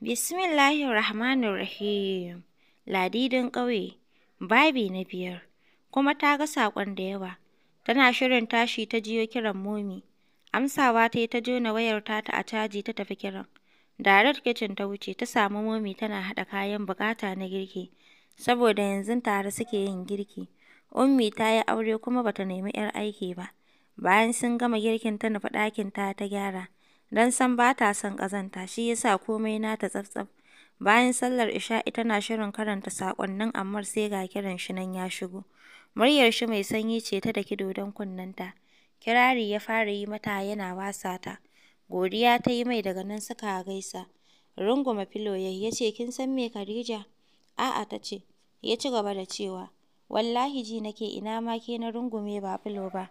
Bismillahirrahmanirrahim. Ladidin ƙauye, babi na biyar, kuma ta ga saƙon da yawa. Tana shirin tashi ta jiyo kiran Momi. Amsawa ta yi ta jona wayar ta a caji ta tafi kiran. Direct kitchen ta wuce ta samu Momi tana haɗa kayan buƙata na girki, saboda yanzu tare suke yin girki. Ummi ta yi aure kuma bata nemi 'yar aiki ba. Bayan sun gama girkin ta nufi ɗakin ta ta gyara. don san ba ta son ƙazanta, shi ya sa komai nata tsaf-tsaf. Bayan sallar isha'i tana shirin karanta saƙonnin Ammar sai ga kiran shi nan ya shigo. Muryar shi mai sanyi ce ta da kido don kunnenta. Kirari ya fara yi mata yana wasa ta. Godiya ta yi mai daga nan suka gaisa. Runguma filo yayi ya ce kin san me Khadija? A'a ta ce. Ya ci gaba da cewa wallahi ji nake ina ma ke na rungume ba filo ba.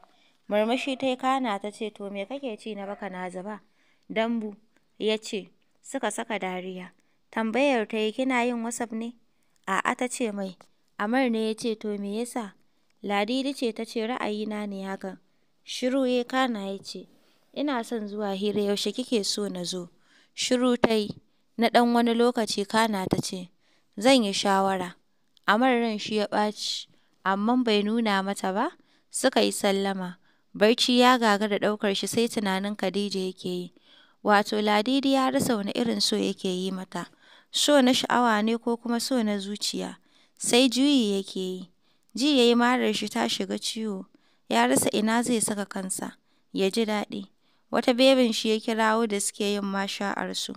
Murmushi ta yi kana ta ce to me kake ci na baka na zuba? Dambu ya ce, suka saka dariya. Tambayar ta yi, kina yin WhatsApp ne? A'a ta ce mai. Amar ne ya ce, to me yasa? Ladidi ce ta ce ra'ayina ne hakan. Shiru ya kana ya ce, ina son zuwa hira yaushe kike so na zo? Shiru ta yi, na ɗan wani lokaci kana ta ce, zan yi shawara. Amar ran shi ya ɓaci, amma bai nuna mata ba, suka yi sallama. Barci ya gaga da ɗaukar shi sai tunanin Khadija yake yi. Wato Ladidi ya rasa wani irin so yake yi mata, so na sha'awa ne ko kuma so na zuciya, sai juyi yake yi, ji ya yi shi ta shiga ciwo, ya rasa ina zai saka kansa, ya ji daɗi, wata bebin shi ya kirawo da suke yin masha'arsu,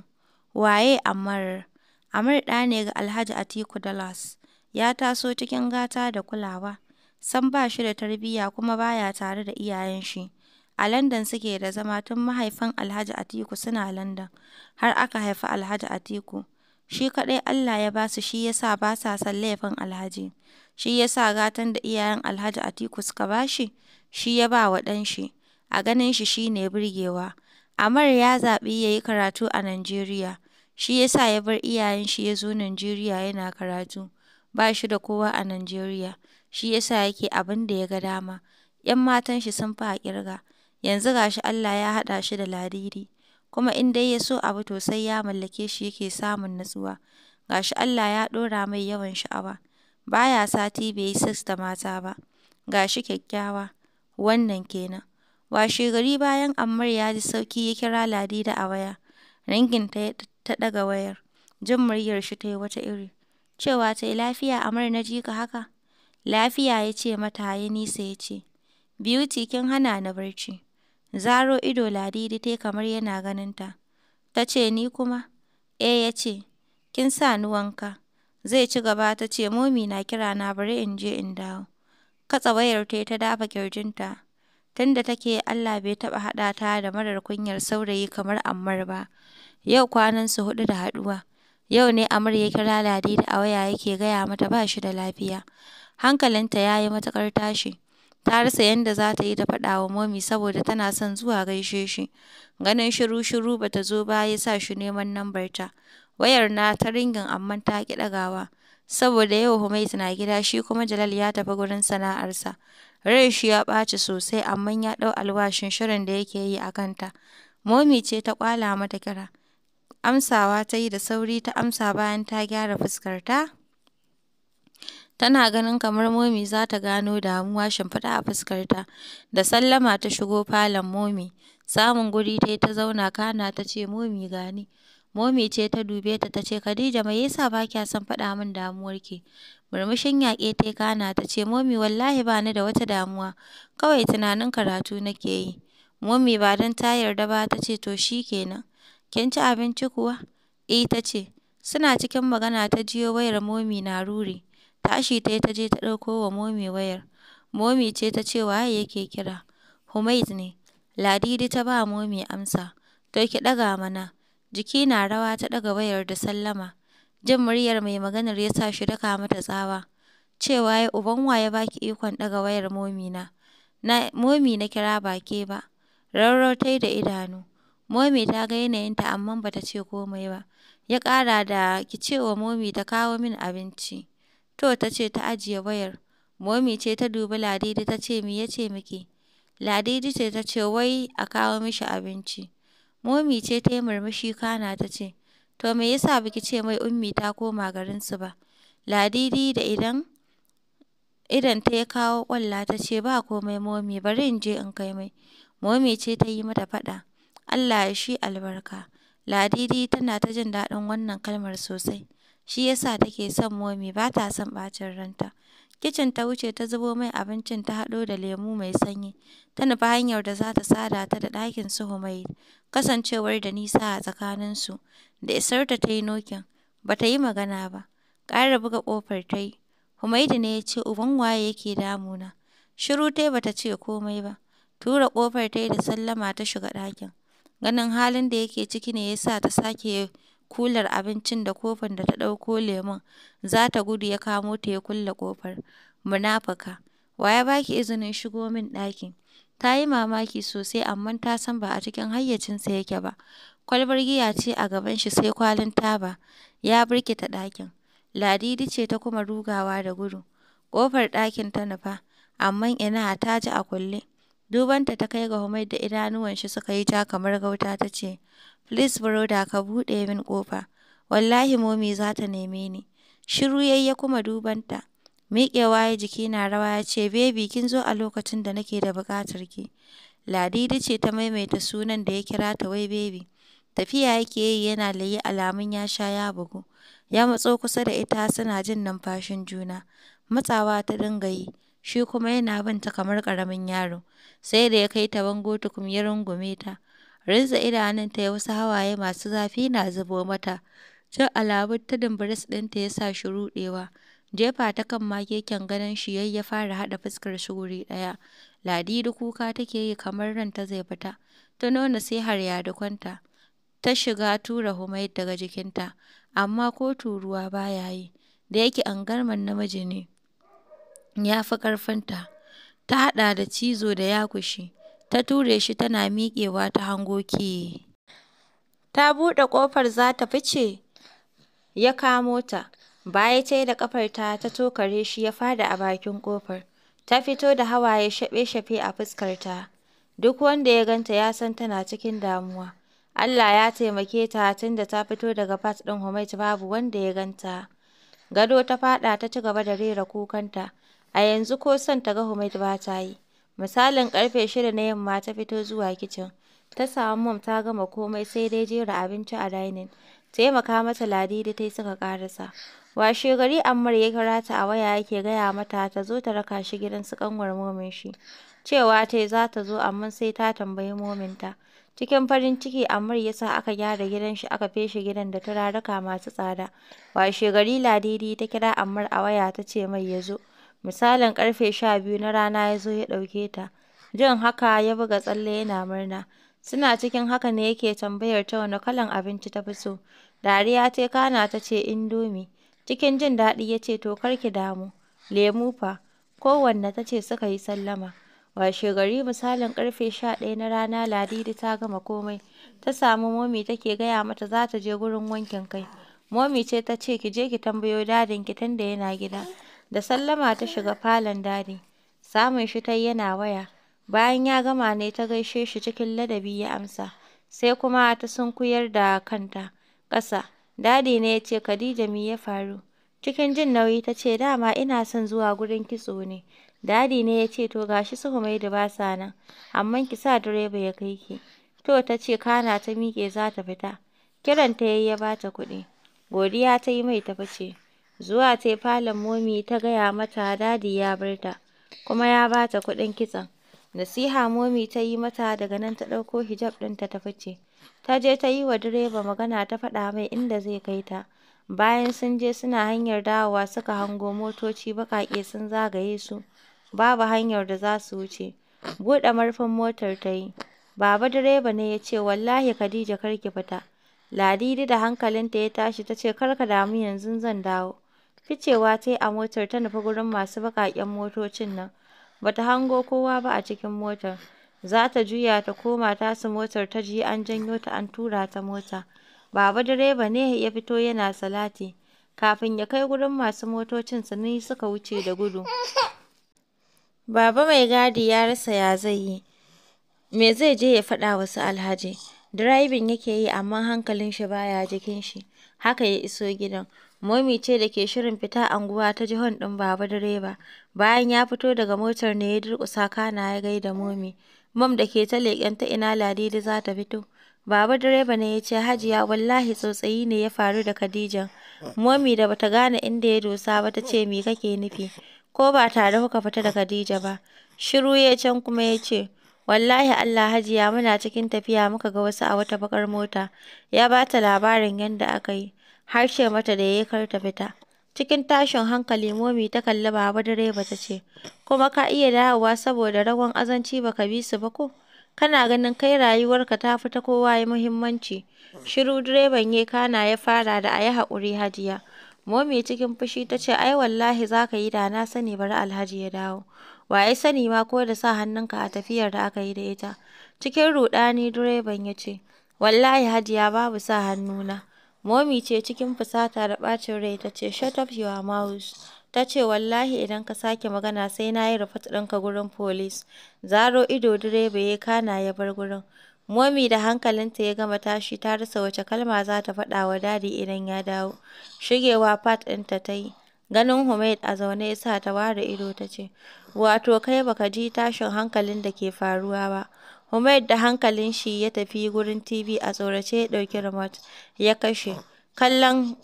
waye amar Ammar ɗa ne ga Alhaji Atiku Dallas, ya taso cikin gata da kulawa, San ba shi da tarbiyya kuma baya tare da iyayen shi. A Landan suke da zama tun mahaifin Alhaji Atiku suna Landan, har aka haifi Alhaji Atiku. Shi kaɗai Allah ya ba su shi ya sa ba sa son laifin Alhaji, shi ya sa gatan da iyayen Alhaji Atiku suka ba shi, shi ya ba wa shi. a ganin shi shi ne birgewa. Amar ya zaɓi ya yi karatu a Najeriya, shi ya sa ya bar iyayen shi ya zo Najeriya yana karatu, ba shi da kowa a Najeriya, shi ya sa yake abin da ya ga dama. ‘Yan matan shi sun fi a kirga yanzu gashi Allah ya haɗa shi da Ladidi, kuma in dai ya so abu to sai ya mallake shi yake samun natsuwa, Gashi Allah ya ɗora mai yawan sha'awa, ba ya sati bai yi sex da mata ba, Gashi shi kyakkyawa, wannan kenan. Washe gari bayan Ammar ya ji sauki ya kira Ladida a waya, ringin ta ɗaga wayar, jin muryar shi ta yi wata iri, cewa ta yi lafiya Ammar na ji ka haka? Lafiya ya ce mata ya nisa ya ce, Beauty kin hana na barci. Zaro ido Ladidi ta kamar yana ganinta, ta ce, Ni kuma? Eh, ya ce, Kin sa ni wanka. Zai ci gaba ta ce, Momi na kira na bari in je in dawo. Katse wayar ta ta dafa kirjinta Tunda take Allah bai taɓa haɗa ta da marar kunyar saurayi kamar Ammar ba. Yau kwanan su hudu da haɗuwa. Yau ne amar ya kira Ladidi a waya yake gaya mata ba shi da lafiya. Hankalinta yayi yi tashi. Ta rasa yadda za ta yi ta faɗa wa Momi saboda tana son zuwa gaishe shi. Ganin shiru-shiru bata zo ba ya sa shi neman ta Wayar na ta ringin amma ta ƙi ɗagawa. Saboda yau Humait na gida shi kuma Jalal ya tafi gurin sana'arsa. Rai shi ya ɓaci sosai amma ya ɗau alwashin shirin da yake yi a kanta. Momi ce ta kwala mata kira. Amsawa ta yi da sauri ta amsa bayan ta gyara fuskarta. Tana ganin kamar Momi za ta gano damuwa shimfiɗa a fuskarta, da sallama ta shigo falon Momi, samun guri ta ta zauna kana ta ce Momi ga Momi ce ta dube ta ta ce Khadija mai yasa ba kya son faɗa min damuwar damuwarki? Murmushin yaƙe ta yi kana ta ce Momi wallahi ba ni da wata damuwa, kawai tunanin karatu nake yi. Momi ba don ta yarda ba ta ce to shi kenan, kin ci abinci kuwa? Ita e, ce, suna cikin magana ta jiyo wayar Momi na ruri. Tashi ta yi ta je ta ɗauko wa Momi wayar. Momi ce ta ce waye yake kira? Humaid ne. Ladidi ta ba Momi amsa. To ki ɗaga mana. Jiki na rawa ta ɗaga wayar da sallama. Jin muryar mai maganar ya sa shi daka mata tsawa. Cewa ya uban waye ya baki ikon ɗaga wayar Momi na? Na Momi na kira ba ke ba. Rauro ta da idanu. Momi ta ga yanayinta amma ba ta ce komai ba. Ya ƙara da ki ce wa Momi ta kawo min abinci. To ta ce ta ajiye wayar. Momi ce ta dubi Ladidi ta ce me ya ce miki? Ladidi ce ta ce wai a kawo mishi abinci. Momi ce ta yi murmushi kana ta ce, to me yasa baki ce mai ummi ta koma garinsu ba? Ladidi da idan idan ta ya kawo kwalla ta ce ba komai momi bari in je in kai mai. Momi ce ta yi mata faɗa. Allah ya shi albarka. Ladidi tana ta jin daɗin wannan kalmar sosai. shi yasa take son Momi ba ta son ɓacin ranta. Kicin ta wuce ta zubo mai abincin ta haɗo da lemu mai sanyi, ta nufi hanyar da za ta sada ta da ɗakin su humai kasancewar da nisa a tsakanin su da isar ta yi nokin, ba ta yi magana ba, ƙara buga ƙofar ta yi. Humaidu ne ya ce uban waye yake damuna, shiru ta ba ta ce komai ba, tura ƙofar ta yi da sallama ta shiga ɗakin. Ganin halin da yake ciki ne ya sa ta sake kular abincin da kofin da ta ɗauko lemun za ta gudu ya kamo ta ya kulle ƙofar. Munafaka. wa ya baki izinin shigo min ɗakin? Ta yi mamaki sosai amma ta san ba a cikin hayyacinsa yake ba. Kwalbar giya ce a gaban shi sai kwalin taba, ya birkita ɗakin. Ladidi ce ta kuma rugawa da gudu. Ƙofar ɗakin ta nufa, amma ina ta ji a kulle. Dubanta ta kai ga Humaid da idanuwan shi suka yi ja kamar gauta ta ce, “Please brother ka buɗe min ƙofa, wallahi momi za ta neme ni.” Shiru ya kuma dubanta. Miƙewa ya jiki na rawa ya ce, “Baby kin zo a lokacin da nake da buƙatar ki.” Ladidi ce ta maimaita sunan da ya kira ta wai baby. Tafiya yake yi yana layi alamun ya sha ya bugu. Ya matso kusa da ita suna jin numfashin juna. Matsawa ta dinga yi. shi kuma yana bin kamar ƙaramin yaro, sai da ya kai ta bango tukum ya rungume ta, rinsa idanunta ya wasu hawaye masu zafi na zubo mata, jin ta ta biris ɗinta ya sa shi ruɗewa, jefa ta kan ma keken ganin shi yayya fara haɗa fuskar shi wuri ɗaya, Ladidi kuka take yi kamar ta zai fita, ta nuna sai har ya dukwanta, ta shiga tura Humaid daga jikinta, amma ko turuwa baya yi, da yake angarman namiji ne. ya fi ƙarfinta, ta haɗa da cizo da kushi ta ture shi tana miƙewa ta hango kiye. Ta buɗe ƙofar za ta fice, ya kamo ta, baya ta yi da ƙafarta ta tokare shi ya faɗi a bakin ƙofar, ta fito da hawaye shaɓe shafe a fuskarta. Duk wanda ya ganta ya san tana cikin damuwa. Allah ya taimake ta tunda ta fito daga fat ɗin Humait babu wanda ya ganta. Gado ta faɗa ta ci gaba da rera kukanta, A yanzu ko son ta ga Humait ba ta yi, misalin ƙarfe shida na yamma ta fito zuwa kicin, ta samu Mom ta gama komai sai dai jera abinci a dining, taimaka mata Ladidi ta yi suka ƙarasa. gari Ammar ya kira ta a waya yake gaya mata ta zo ta raka shi gidan su ƙanwar momin shi, cewa ta yi za ta zo amma sai ta tambayi mominta. Cikin farin ciki Ammar ya sa aka gyara gidan shi aka feshe gidan da turaruka masu tsada. Washe, gari Ladidi ta kira Ammar a waya ta ce mai ya zo. Misalin ƙarfe biyu na rana ya zo ya ɗauke ta, jin haka ya buga tsalle yana murna, suna cikin haka ne yake tambayar ta wane kalan abinci ta fi so, dariya tai kana ta ce indomi, cikin jin daɗi ya ce to kar ki damu, lemu fa, kowanne ta ce suka yi sallama. Washe gari misalin ƙarfe ɗaya na rana Ladidi ta gama komai, ta samu Momi take gaya mata za ta je gurin wankin kai. Momi ce ta ce ki je ki tambayo dadinki tunda yana gida. Da sallama ta shiga falon Dadi, samun shi ta yana waya, bayan ya gama ne ta gaishe shi cikin ladabi ya amsa, sai kuma ta sunkuyar da kanta ƙasa. Dadi ne ya ce, Khadija me ya faru? Cikin jin nauyi ta ce, dama ina son zuwa gurin kitso ne. Dadi ne ya ce, to gashi su Humaidu ba sa nan, amma ki sa direba ya kai ki. To ta ce kana ta miƙe za ta fita. Kiranta yayi ya bata kuɗi. Godiya ta yi mai ta fice. Zuwa tai falon momi ta gaya mata Dadi ya bar ta, kuma ya ba ta kuɗin kitson. Nasiha momi ta yi mata daga nan ta ɗauko hijab ɗinta ta fice. Ta je ta yi wa direba magana ta faɗa mai inda zai kai ta. Bayan sun je suna hanyar dawowa suka hango motoci baƙaƙe sun zagaye su, babu hanyar da za su wuce. Buɗe murfin motar ta yi. Baba direba ne ya ce wallahi Khadija kar ki fita. Ladidi da hankalinta ya tashi ta ce kar ka damu yanzu zan dawo. Ficewa ta yi a motar ta nufi gurin masu baƙaƙen motocin nan, ba ta hango kowa ba a cikin motar, za ta juya ta koma tasu motar ta ji an janyo ta an tura ta mota, Baba direba ne ya fito yana salati, kafin ya kai gurin masu motocin tuni suka wuce da gudu. Baba mai gadi ya rasa ya zai yi, me zai je ya faɗa wa su Alhaji, direbin yake yi amma hankalin shi baya jikin shi, haka ya iso gidan. Momi ce da ke shirin fita unguwa ta ji ɗin Baba direba, bayan ya fito daga motar ne ya durƙusa kana ya gaida Momi, Mom da ke ta leƙen ta ina Ladidi za ta fito. Baba direba ne ya ce Hajiya wallahi tsotsayi ne ya faru da khadija Momi da bata gane inda ya dosa ba ta ce me kake nufi, ko ba tare kuka fita da Khadija ba. Shiru ya can kuma ya ce, Wallahi Allah Hajiya muna cikin tafiya muka ga wasu a wata bakar mota, ya bata labarin yadda aka yi. harshe mata da yayi karta fita. Cikin tashin hankali Momi ta kalli baba direba ta ce, "Kuma ka iya dawowa saboda ragon azanci baka bi su ba ko? Kana ganin kai rayuwarka ta fi ta kowa ya muhimmanci." Shiru direban ya kana ya fara da a yi haƙuri hajiya. Momi cikin fushi ta ce, "Ai wallahi za ka yi da na sani bari Alhaji ya dawo." Wa ya sani ma ko da sa hannunka a tafiyar da aka yi da ita. Cikin rudani direban ya ce, "Wallahi hajiya babu sa hannuna." Mummy ce cikin fusata da ɓacin rai ta ce, "Shut up your mouth," ta ce, "wallahi idan ka sake magana sai na yi rufe ɗinka gurin folis." Zaro ido direba ya yi kana ya bar gurin. Mummy da hankalinta ya gama tashi ta rasa wace kalma za ta faɗa wa Daddy idan ya dawo. Shigewa Pat ɗinta ta yi. Ganin Humaid a zaune ya sa ta ware ido ta ce, "Wato kai baka ji tashin hankalin da ke faruwa ba." Hammel da hankalin shi ya tafi gurin TV a tsorace ya ɗauki remote ya kashe, kallon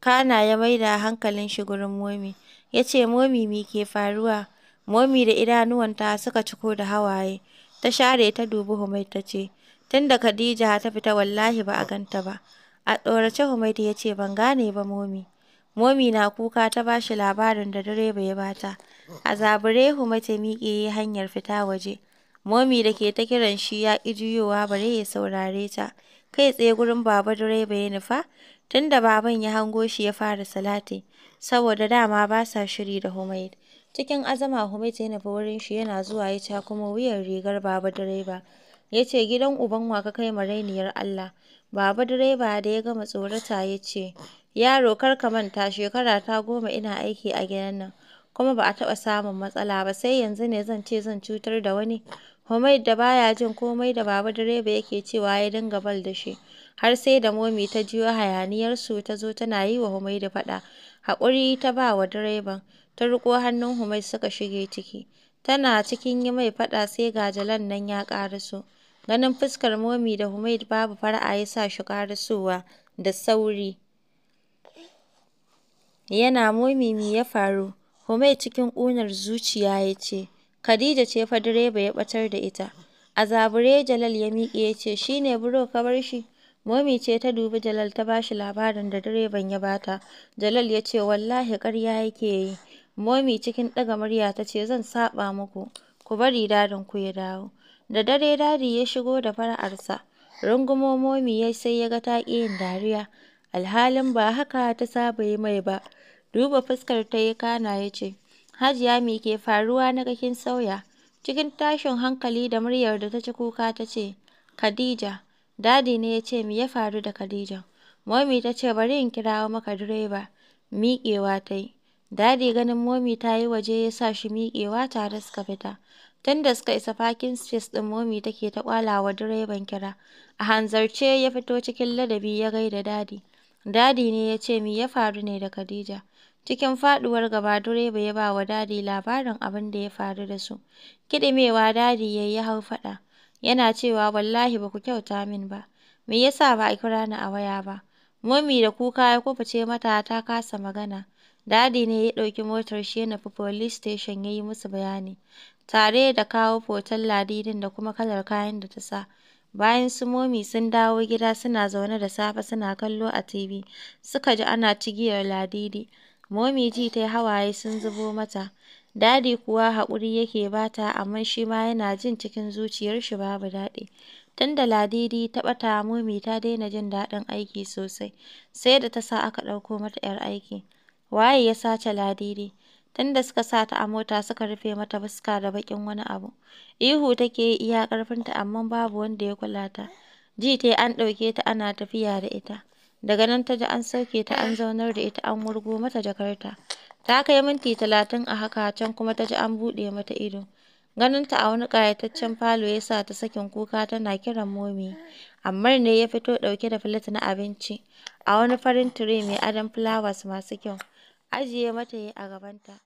kana ya maida hankalin shi gurin momi? ya ce momi me ke faruwa? Momi da idanuwanta suka ciko da hawaye, ta share ta dubi humai ta ce, tunda Khadija ta fita wallahi ba a ganta ba. A tsorace humai ya ce ban gane ba momi. Momi na kuka ta ba shi labarin da direba ya bata. A zabure humai ta miƙe hanyar fita waje. Momi da ke ta kiran shi ya ƙi juyowa bare ya saurare ta. Kai tsaye gurin baba direba ya nufa, tunda baban ya hango shi ya fara salati, saboda dama ba sa shiri da Humaid. Cikin azama Humaid ya nufa wurin shi yana zuwa ya ta kuma wuyan rigar baba direba. Ya ce gidan uban wa ka kai marainiyar Allah. Baba direba da ya gama tsorata ya ce, Yaro kar ka manta shekara ta goma ina aiki a gidan nan. kuma ba a taɓa samun matsala ba sai yanzu ne zan ce zan cutar da wani Hammad da ba ya jin komai da Baba direba yake cewa ya dinga bal da shi, har sai da Momi ta jiyo hayaniyarsu ta zo tana yi wa Hammad faɗa. Haƙuri ta ba wa direban, ta riƙo hannun Hammad suka shige ciki. Tana cikin yi mai faɗa sai ga Jalal nan ya ƙaraso. Ganin fuskar Momi da Hammad babu fara'a ya sa shi ƙarasowa da sauri. Yana Momi me ya faru? Hammad cikin ƙunar zuciya ya ce. Khadija ce fa direba ya ɓatar da ita. A zabure Jalal ya miƙe ya ce, shi ne buro ka bar shi. Momi ce ta dubi Jalal ta ba shi labarin da direban ya bata. Jalal ya ce, wallahi ƙarya yake yi. Momi cikin ɗaga murya ta ce, zan saɓa muku, ku bari dadin ku ya dawo. Da dare dadi ya shigo da fara'arsa. Rungumo Momi ya sai ya ga ta yin dariya. Alhalin ba haka ta saba yi mai ba. Duba fuskar ta ya kana ya ce, Hajiya me ke faruwa na kin sauya? Cikin tashin hankali da muryar da ta ci kuka ta ce, "Khadija." Dadi ne ya ce, "Me ya faru da Khadijan?" Momi ta ce, "Bari in kirawo maka direba." Miƙewa ta yi. Dadi ganin Momi ta yi waje ya sa shi miƙewa tare suka fita. Tun da suka isa parking space ɗin Momi take ta wa direban kira. A hanzarce ya fito cikin ladabi ya gaida Dadi. Dadi ne ya ce, "Me ya faru ne da Khadija?" Cikin faɗuwar gaba direba ya ba wa Dadi labarin abin da ya faru da su. Kiɗimewa Dadi yayi ya hau faɗa, yana cewa wallahi ba ku kyauta min ba, me yasa ba a kira ni a waya ba. Momi da kuka ya kubuce mata ta kasa magana. Dadi ne ya ɗauki motar shi na fi police station yayi musu bayani, tare da kawo foton ladidin da kuma kalar kayan da ta sa. Bayan su Momi sun dawo gida suna zaune da safe suna kallo a TV, suka ji ana cigiyar Ladidi. Momi ji tai hawaye sun zubo mata, Dadi kuwa haƙuri yake bata, amma shi ma yana jin cikin zuciyar shi babu daɗi. Tun Ladidi ta ɓata Momi ta daina jin daɗin aiki sosai, sai da ta sa aka ɗauko mata 'yar aiki. Waye ya sace Ladidi? Tun suka sa ta a mota suka rufe mata fuska da baƙin wani abu. Ihu take yi iya ƙarfinta amma babu wanda ya kula ta. Ji tai an ɗauke ta ana tafiya da ita. Daga nan ta ji an sauke ta an zaunar da ita an wurgo mata jakarta. Ta kai minti talatin a haka can kuma ta ji an buɗe mata ido. Ganinta a wani ƙayataccen falo ya sa ta sakin kuka tana kiran momi. amma ne ya fito ɗauke da filet na abinci a wani farin tire mai adon fulawas masu kyau. Ajiye mata ya yi a gabanta.